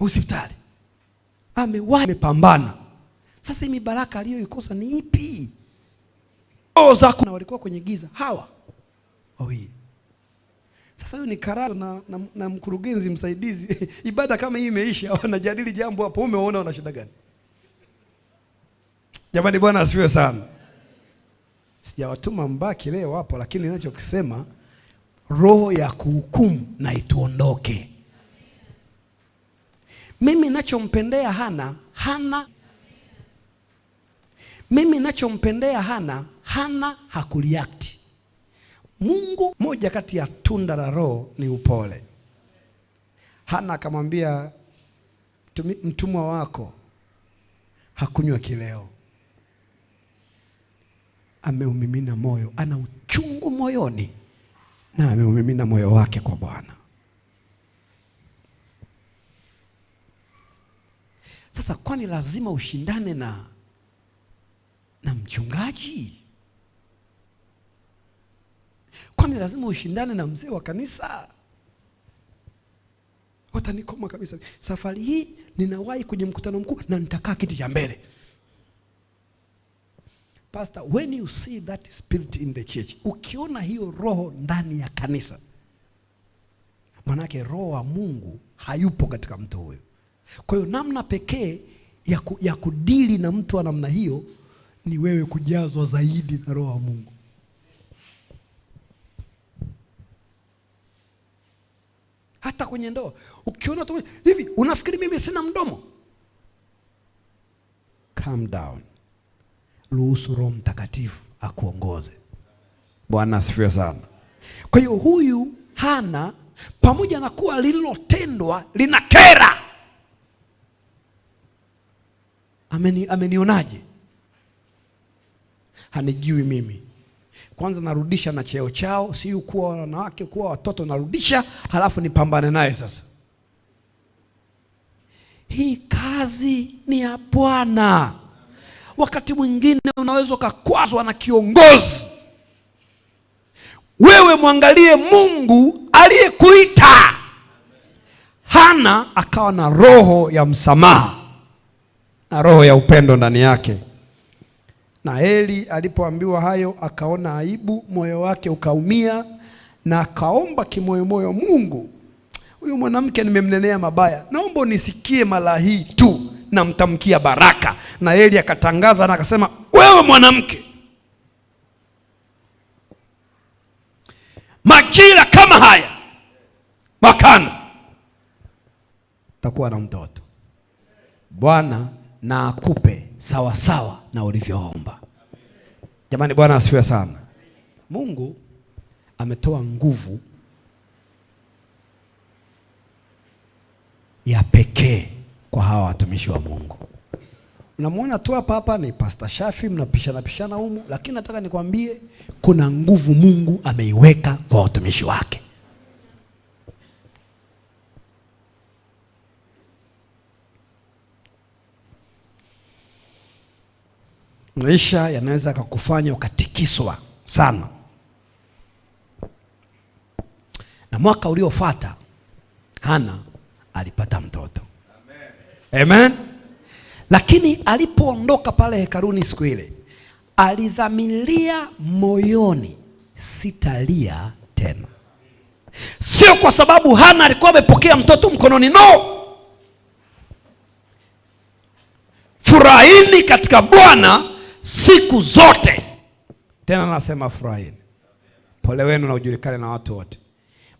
hospitali, amewahi, amepambana. Sasa hii baraka aliyoikosa ni ipi? Na walikuwa kwenye giza hawa wawili. Sasa huyu ni karata na, na, na mkurugenzi msaidizi ibada kama hii imeisha, wanajadili jambo hapo. Umeona wana shida gani? Jamani, Bwana asifiwe sana. Sijawatuma mbaki leo hapo, lakini ninachokisema roho ya kuhukumu na ituondoke. Mimi nachompendea Hana, Hana mimi nachompendea Hana, Hana hakureact. Mungu, moja kati ya tunda la Roho ni upole. Hana akamwambia mtumwa wako hakunywa kileo, ameumimina moyo, ana uchungu moyoni na ameumimina moyo wake kwa Bwana. Sasa kwani lazima ushindane na na mchungaji? Kwani lazima ushindane na mzee wa kanisa? Watanikoma kabisa. Safari hii ninawahi kwenye mkutano mkuu na nitakaa kiti cha mbele. Pastor, when you see that spirit in the church, ukiona hiyo roho ndani ya kanisa, manake roho wa Mungu hayupo katika mtu huyo. Kwa hiyo namna pekee ya, ku, ya kudili na mtu wa namna hiyo ni wewe kujazwa zaidi na Roho wa Mungu. Hata kwenye ndoa ukiona tu hivi, unafikiri mimi sina mdomo? Calm down, ruhusu Roho Mtakatifu akuongoze. Bwana asifiwe sana. Kwa hiyo huyu Hana pamoja na kuwa lililotendwa lina kera ameni, amenionaje? Hanijui mimi. Kwanza narudisha na cheo chao, si kuwa wanawake kuwa watoto, narudisha halafu nipambane naye sasa. Hii kazi ni ya Bwana. Wakati mwingine unaweza ukakwazwa na kiongozi. Wewe mwangalie Mungu aliyekuita. Hana akawa na roho ya msamaha na roho ya upendo ndani yake. Na Eli alipoambiwa hayo akaona aibu, moyo wake ukaumia, na akaomba kimoyomoyo, Mungu, huyu mwanamke nimemnenea mabaya, naomba unisikie mara hii tu, namtamkia baraka. Na Eli akatangaza na akasema, wewe mwanamke majira kama haya makana takuwa na mtoto. Bwana na akupe sawasawa na ulivyoomba. Jamani, Bwana asifiwe sana. Mungu ametoa nguvu ya pekee kwa hawa watumishi wa Mungu. Unamwona tu hapa hapa ni Pastor Shafi, mnapishana pishana humu, lakini nataka nikwambie kuna nguvu Mungu ameiweka kwa watumishi wake. maisha yanaweza kukufanya ukatikiswa sana. Na mwaka uliofuata Hana alipata mtoto Amen. Amen. Lakini alipoondoka pale hekaluni siku ile alidhamiria moyoni, sitalia tena. Sio kwa sababu Hana alikuwa amepokea mtoto mkononi, no. Furahini katika Bwana siku zote. Tena nasema furahini. Pole wenu na ujulikane na watu wote.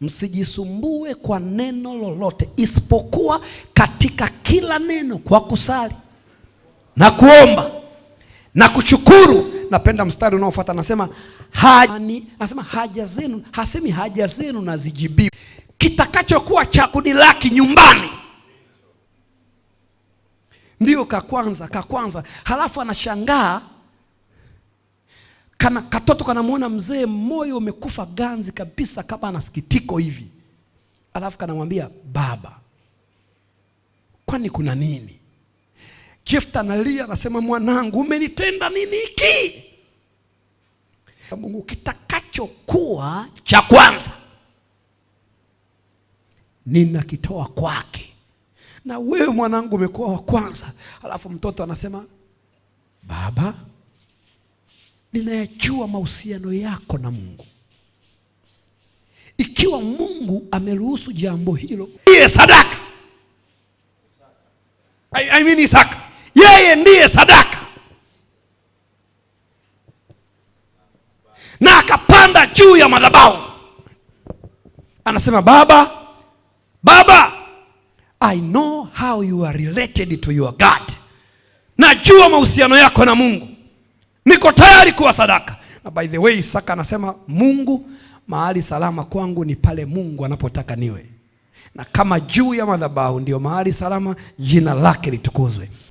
Msijisumbue kwa neno lolote, isipokuwa katika kila neno kwa kusali na kuomba na kushukuru. Napenda mstari unaofuata anasema haja, anasema haja zenu, hasemi haja zenu nazijibiwa. Kitakachokuwa cha kunilaki nyumbani ndio ka kwanza ka kwanza, halafu anashangaa kana, katoto kanamwona mzee, moyo umekufa ganzi kabisa, kama ana sikitiko hivi, alafu kanamwambia baba, kwani kuna nini? Jefta analia anasema, mwanangu, umenitenda nini hiki? Mungu, kitakachokuwa cha kwanza ninakitoa kwake, na wewe mwanangu umekuwa wa kwanza. Alafu mtoto anasema baba ninayachua mahusiano yako na Mungu. Ikiwa Mungu ameruhusu jambo hilo, ndiye sadaka. I, I mean Isaka, yeye ndiye sadaka, na akapanda juu ya madhabahu, anasema Baba, Baba, I know how you are related to your God, najua mahusiano yako na Mungu niko tayari kuwa sadaka. Na by the way, Isaka anasema Mungu, mahali salama kwangu ni pale Mungu anapotaka niwe, na kama juu ya madhabahu ndio mahali salama, jina lake litukuzwe.